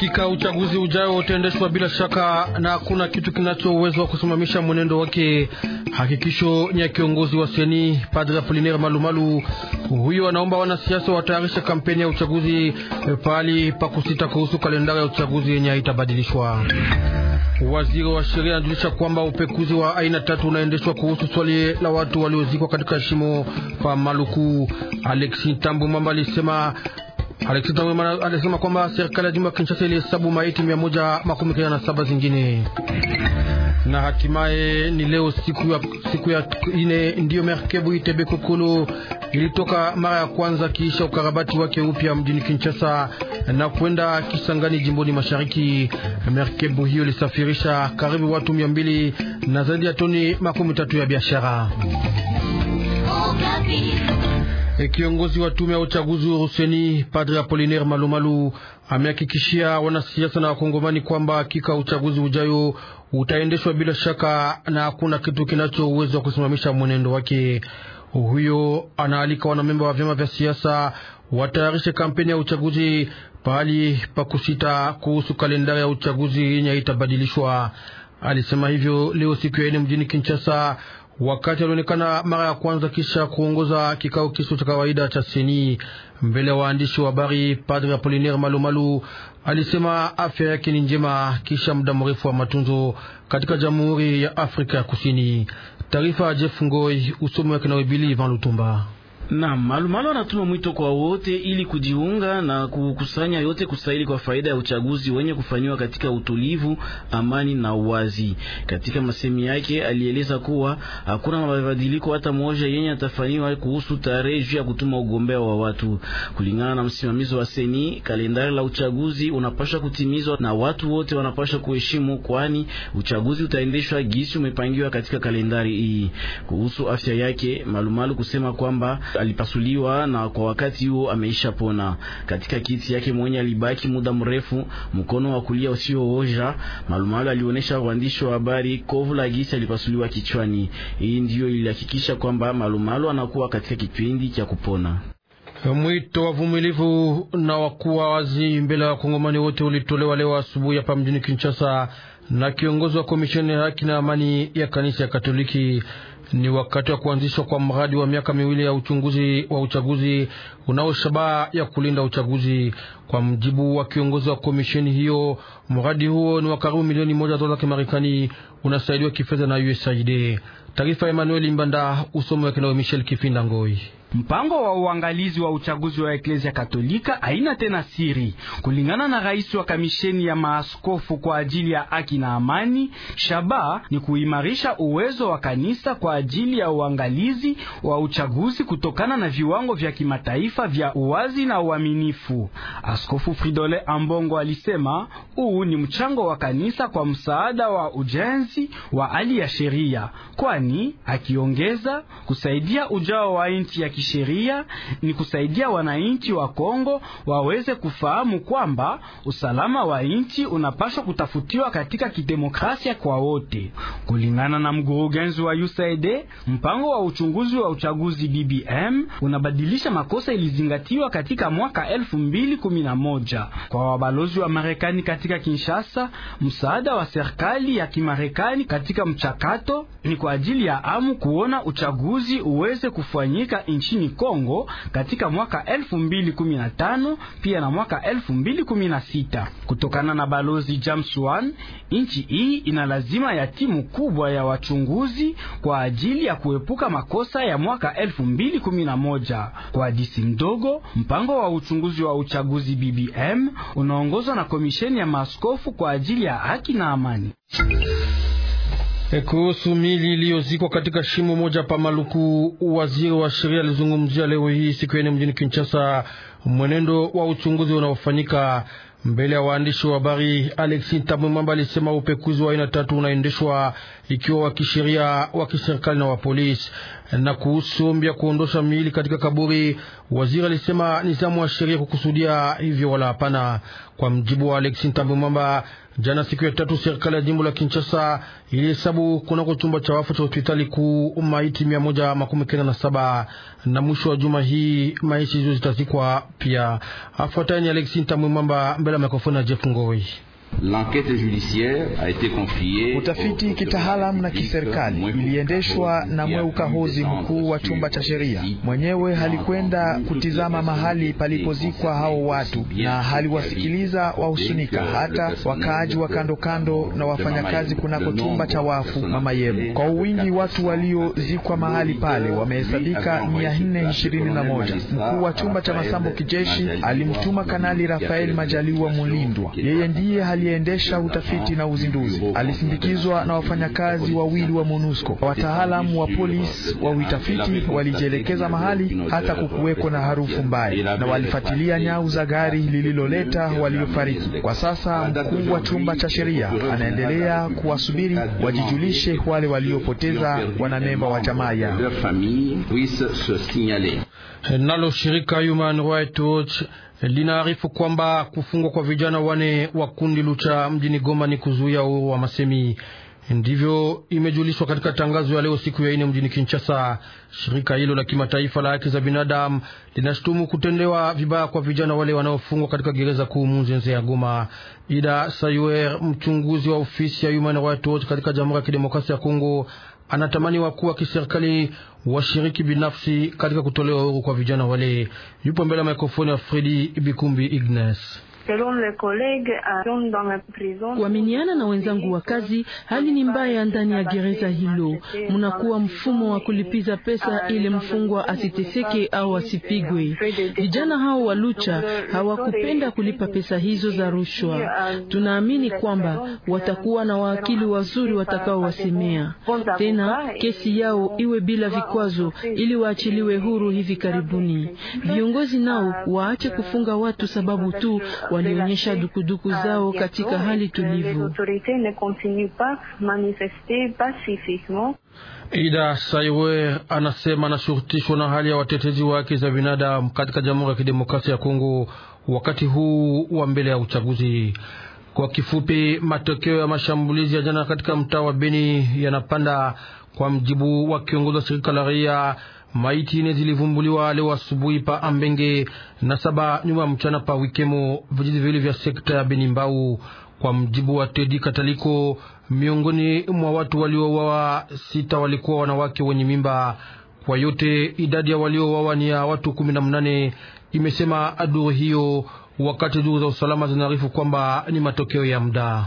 Hakika uchaguzi ujao utaendeshwa bila shaka na hakuna kitu kinacho uwezo wa kusimamisha mwenendo wake. Hakikisho ni ya kiongozi wa seni Padre Apollinaire Malumalu. Huyo anaomba wanasiasa watayarisha kampeni ya uchaguzi eh, pahali pa kusita kuhusu kalendari ya uchaguzi yenye haitabadilishwa. Waziri wa sheria anajulisha kwamba upekuzi wa aina tatu unaendeshwa kuhusu swali la watu waliozikwa katika shimo pa Maluku. Alexi Tambu Mwamba alisema Alexander Wemana alisema kwamba serikali ya jimbo ya Kinshasa ilihesabu maiti mia moja makumi kenda na saba zingine. Na hatimaye ni leo siku ya siku ya ine ndiyo merkebu Itebe Kokolo ilitoka mara ya kwanza kiisha ukarabati wake upya mjini Kinshasa na kwenda Kisangani jimboni mashariki. Merkebu hiyo ilisafirisha karibu watu mia mbili na zaidi ya toni makumi tatu ya biashara. Oh, E kiongozi wa tume ya uchaguzi wa Ruseni Padre Apolinaire Malumalu amehakikishia wanasiasa na wakongomani kwamba hakika uchaguzi ujayo utaendeshwa bila shaka na hakuna kitu kinacho uwezo wa kusimamisha mwenendo wake. Huyo anaalika wanamemba wa vyama vya siasa watayarishe kampeni ya uchaguzi pahali pa kusita kuhusu kalendari ya uchaguzi yenye haitabadilishwa. Alisema hivyo leo siku ya ine mjini Kinshasa wakati alionekana mara ya kwanza kisha kuongoza kikao kisicho cha kawaida cha seni mbele ya waandishi wa habari. Padre Apolinaire Malumalu alisema afya yake ni njema kisha muda mrefu wa matunzo katika Jamhuri ya Afrika ya Kusini. Taarifa ya Jeff Ngoi, usomi wake na Webili Lutumba na Malumalo anatuma mwito kwa wote ili kujiunga na kukusanya yote kustahili kwa faida ya uchaguzi wenye kufanywa katika utulivu, amani na uwazi. Katika masemi yake alieleza kuwa hakuna mabadiliko hata moja yenye atafanywa kuhusu tarehe juu ya kutuma ugombea wa watu. Kulingana na msimamizi wa seni, kalendari la uchaguzi unapasha kutimizwa na watu wote wanapasha kuheshimu, kwani uchaguzi utaendeshwa gisi umepangiwa katika kalendari hii. Kuhusu afya yake, Malumalu kusema kwamba alipasuliwa na kwa wakati huo ameisha pona. Katika kiti yake mwenye alibaki muda mrefu, mkono wa kulia usiooja malumalo alionyesha waandishi wa habari kovu la gisi alipasuliwa kichwani. Hii ndiyo ilihakikisha kwamba malumalo anakuwa katika kipindi cha kupona. Mwito wa vumilivu na wakuwa wazi mbele ya wakongomani wote ulitolewa leo asubuhi hapa mjini Kinshasa na kiongozi wa komisheni ya haki na amani ya kanisa ya Katoliki. Ni wakati wa kuanzishwa kwa mradi wa miaka miwili ya uchunguzi wa uchaguzi unao shabaha ya kulinda uchaguzi. Kwa mjibu wa kiongozi wa komisheni hiyo, mradi huo ni wa karibu milioni moja dola za Kimarekani, unasaidiwa kifedha na USAID. Taarifa ya Emmanuel Mbanda, usomo wake na Michel Kifinda Ngoi. Mpango wa uangalizi wa uchaguzi wa Eklezia Katolika haina tena siri. Kulingana na rais wa kamisheni ya maaskofu kwa ajili ya haki na amani, shaba ni kuimarisha uwezo wa kanisa kwa ajili ya uangalizi wa uchaguzi kutokana na viwango vya kimataifa vya uwazi na uaminifu. Askofu Fridole Ambongo alisema huu ni mchango wa kanisa kwa msaada wa ujenzi wa hali ya sheria, kwani akiongeza kusaidia ujao wa nchi ya kisheria ni kusaidia wananchi wa Kongo waweze kufahamu kwamba usalama wa nchi unapaswa kutafutiwa katika kidemokrasia kwa wote. Kulingana na mkurugenzi wa USAID, mpango wa uchunguzi wa uchaguzi BBM unabadilisha makosa ilizingatiwa katika mwaka 2011. Kwa wabalozi wa Marekani katika Kinshasa, msaada wa serikali ya Kimarekani katika mchakato ni kwa ajili ya amu kuona uchaguzi uweze kufanyika nchi nchini Kongo katika mwaka 2015 pia na mwaka 2016. Kutokana na balozi James Wan, nchi hii ina lazima ya timu kubwa ya wachunguzi kwa ajili ya kuepuka makosa ya mwaka 2011. Kwa hadisi ndogo, mpango wa uchunguzi wa uchaguzi BBM unaongozwa na komisheni ya maaskofu kwa ajili ya haki na amani. E, kuhusu mili iliyozikwa katika shimo moja pa Maluku, waziri wa sheria alizungumzia leo hii siku ya mjini Kinshasa mwenendo wa uchunguzi unaofanyika. Mbele ya waandishi wa habari, Alexi Ntamwemamba alisema upekuzi wa aina tatu unaendeshwa, ikiwa wa kisheria, wa kiserikali na wa polisi na kuhusu ombi ya kuondosha miili katika kaburi, waziri alisema ni zamu ya sheria kukusudia hivyo wala hapana. Kwa mjibu wa Alexi Ntambi Mwamba, jana siku ya tatu, serikali ya jimbo la Kinshasa ilihesabu kunako chumba cha wafu cha hospitali kuu maiti mia moja makumi kenda na saba na mwisho wa juma hii maiti hizo zitazikwa pia. Afuatani Alexi Ntambi Mwamba mbele ya mikrofoni ya Jeff Ngoi. Utafiti kitaalam na kiserikali iliendeshwa na mweukahozi mkuu wa chumba cha sheria. Mwenyewe halikwenda kutizama mahali palipozikwa hao watu, na haliwasikiliza wahusunika, hata wakaaji wa kando kando na wafanyakazi kunako chumba cha wafu mama yenu. Kwa uwingi watu waliozikwa mahali pale wamehesabika mia nne ishirini na moja. Mkuu wa chumba cha masambo kijeshi alimtuma Kanali Rafael Majaliwa Mulindwa, yeye ndiye aliyeendesha utafiti na uzinduzi. Alisindikizwa na wafanyakazi wawili wa MONUSCO. Wataalamu wa polisi wa utafiti walijielekeza mahali, hata kukuweko na harufu mbaya, na walifuatilia nyau za gari lililoleta waliofariki. Kwa sasa mkuu wa chumba cha sheria anaendelea kuwasubiri wajijulishe wale waliopoteza wanamemba wa jamaa ya Nalo shirika Human Rights Watch linaarifu kwamba kufungwa kwa vijana wane wa kundi Lucha mjini Goma ni kuzuia uhuru wa masemi. Ndivyo imejulishwa katika tangazo ya leo siku ya ine mjini Kinshasa. Shirika hilo la kimataifa la haki za binadamu linashutumu kutendewa vibaya kwa vijana wale wanaofungwa katika gereza kuu Munzenze ya Goma. Ida Sayuer, mchunguzi wa ofisi ya Human Rights Watch katika Jamhuri ya Kidemokrasia ya Kongo, anatamani wakuu wa kiserikali washiriki binafsi katika kutolewa uhuru kwa vijana wale. Yupo mbele ya mikrofoni ya Fredi Bikumbi Ignace. Kuaminiana na wenzangu wa kazi, hali ni mbaya ndani ya gereza hilo. Mnakuwa mfumo wa kulipiza pesa ili mfungwa asiteseke au asipigwe. Vijana hao wa Lucha hawakupenda kulipa pesa hizo za rushwa. Tunaamini kwamba watakuwa na waakili wazuri watakaowasemea tena, kesi yao iwe bila vikwazo ili waachiliwe huru hivi karibuni. Viongozi nao waache kufunga watu sababu tu wa walionyesha dukuduku euh, zao katika hali tulivu. Ida Saiwe anasema anashurutishwa na hali ya watetezi wa haki za binadamu katika Jamhuri ya Kidemokrasia ya Kongo wakati huu wa mbele ya uchaguzi. Kwa kifupi, matokeo ya mashambulizi ya jana katika mtaa wa Beni yanapanda, kwa mjibu wa kiongozi wa shirika la raia Maiti ine zilivumbuliwa leo asubuhi pa Ambenge na saba nyuma mchana pa Wikemo, vijiji viwili vya sekta ya Benimbau, kwa mjibu wa Tedi Kataliko. Miongoni mwa watu waliouawa sita walikuwa wanawake wenye mimba. Kwa yote idadi ya waliouawa ni ya watu kumi na mnane, imesema aduru hiyo, wakati duru za usalama zinaarifu kwamba ni matokeo ya muda.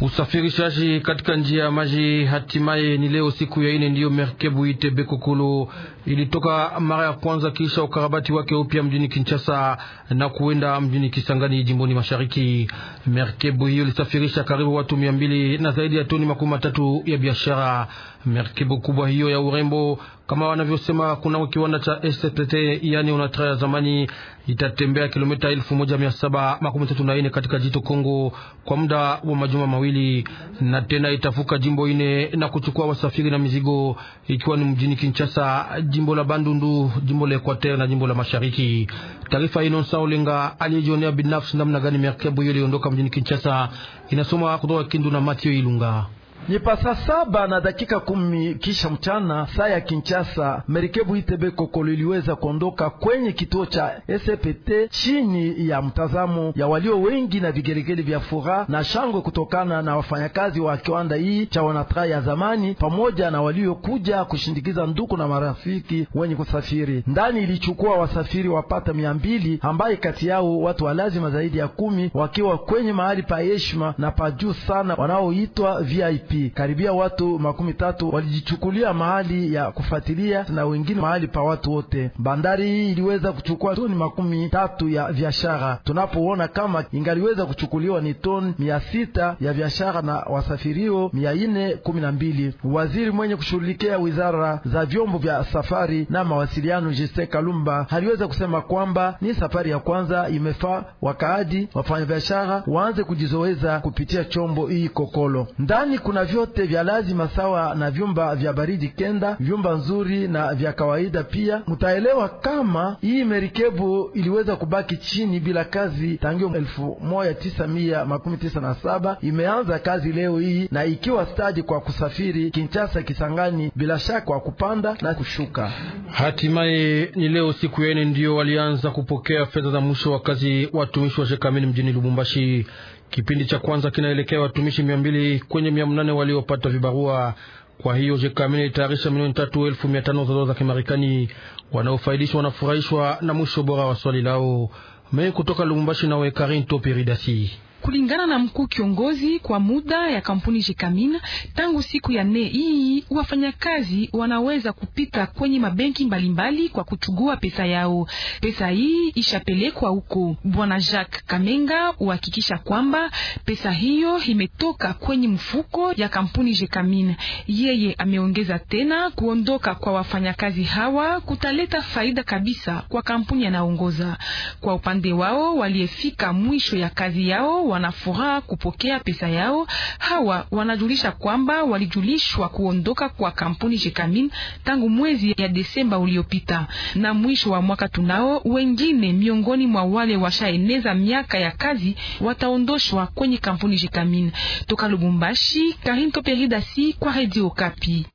Usafirishaji katika njia ya maji hatimaye ni leo siku ya ine ndiyo merkebu ite Kokolo ilitoka mara ya kwanza kisha ukarabati wake upya mjini Kinshasa na kuenda mjini Kisangani jimboni mashariki. Merkebu hiyo ilisafirisha karibu watu mia mbili na zaidi ya toni makumi matatu ya biashara. Merkebu kubwa hiyo ya urembo kama wanavyosema, kuna kiwanda cha STT yani UNATRA ya zamani itatembea kilomita elfu moja mia saba makumi tatu na ine katika jito Kongo kwa muda wa majuma mawili mawili na tena itavuka jimbo ine na kuchukua wasafiri na mizigo, ikiwa ni mjini Kinshasa, jimbo la Bandundu, jimbo la Equateur na jimbo la Mashariki. Taarifa Inonsa Olenga aliyejionea binafsi namna gani merkebu hiyo iliondoka mjini Kinshasa. Inasoma kutoka Kindu na Mathieu Ilunga. Ni pasa saba na dakika kumi kisha mchana saa ya Kinshasa, merikebu Itebe Kokolo iliweza kuondoka kwenye kituo cha SPT chini ya mtazamo ya walio wengi na vigelegele vya furaha na shangwe kutokana na wafanyakazi wa kiwanda hii cha wanatra ya zamani pamoja na waliokuja kushindikiza nduku na marafiki wenye kusafiri ndani. Ilichukua wasafiri wapata mia mbili ambaye kati yao watu wa lazima zaidi ya kumi wakiwa kwenye mahali pa heshima na pa juu sana wanaoitwa VIP. Okapi. Karibia watu makumi tatu walijichukulia mahali ya kufuatilia na wengine mahali pa watu wote. Bandari hii iliweza kuchukua toni makumi tatu ya biashara, tunapoona kama ingaliweza kuchukuliwa ni toni mia sita ya biashara na wasafirio mia ine kumi na mbili. Waziri mwenye kushughulikia wizara za vyombo vya safari na mawasiliano Justin Kalumba aliweza kusema kwamba ni safari ya kwanza imefaa wakaadi wafanyabiashara waanze kujizoeza kupitia chombo hii kokolo ndani kuna vyote vya lazima sawa na vyumba vya baridi kenda, vyumba nzuri na vya kawaida pia. Mutaelewa kama hii merikebu iliweza kubaki chini bila kazi tangio elfu moja tisa mia makumi tisa na saba imeanza kazi leo hii na ikiwa stadi kwa kusafiri Kinchasa Kisangani, bila shaka kwa kupanda na kushuka. Hatimaye ni leo siku yene ndio walianza kupokea fedha za mwisho wa kazi watumishi wa Shekamini mjini Lubumbashi. Kipindi cha kwanza kinaelekea watumishi mia mbili kwenye mia mnane waliopata vibarua. Kwa hiyo Jekamini ilitayarisha milioni tatu elfu mia tano za dola za Kimarekani. Wanaofaidishwa wanafurahishwa na mwisho bora wa swali lao. Mei kutoka Lubumbashi, nawe Karin Topiridasi. Kulingana na mkuu kiongozi kwa muda ya kampuni Jekamina, tangu siku ya nne hii wafanyakazi wanaweza kupita kwenye mabenki mbalimbali kwa kuchugua pesa yao. Pesa hii ishapelekwa huko. Bwana Jacques Kamenga uhakikisha kwamba pesa hiyo imetoka kwenye mfuko ya kampuni Jekamina. Yeye ameongeza tena kuondoka kwa wafanyakazi hawa kutaleta faida kabisa kwa kampuni anaongoza. Kwa upande wao, waliyefika mwisho ya kazi yao wanafuraha kupokea pesa yao. Hawa wanajulisha kwamba walijulishwa kuondoka kwa kampuni Jekamin tangu mwezi ya Desemba uliopita na mwisho wa mwaka tunao. Wengine miongoni mwa wale washaeneza miaka ya kazi wataondoshwa kwenye kampuni Jekamin. Toka Lubumbashi, Karin Toperidasi kwa Radio Okapi.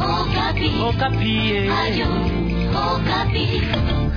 Okapi. Okapi. Eh.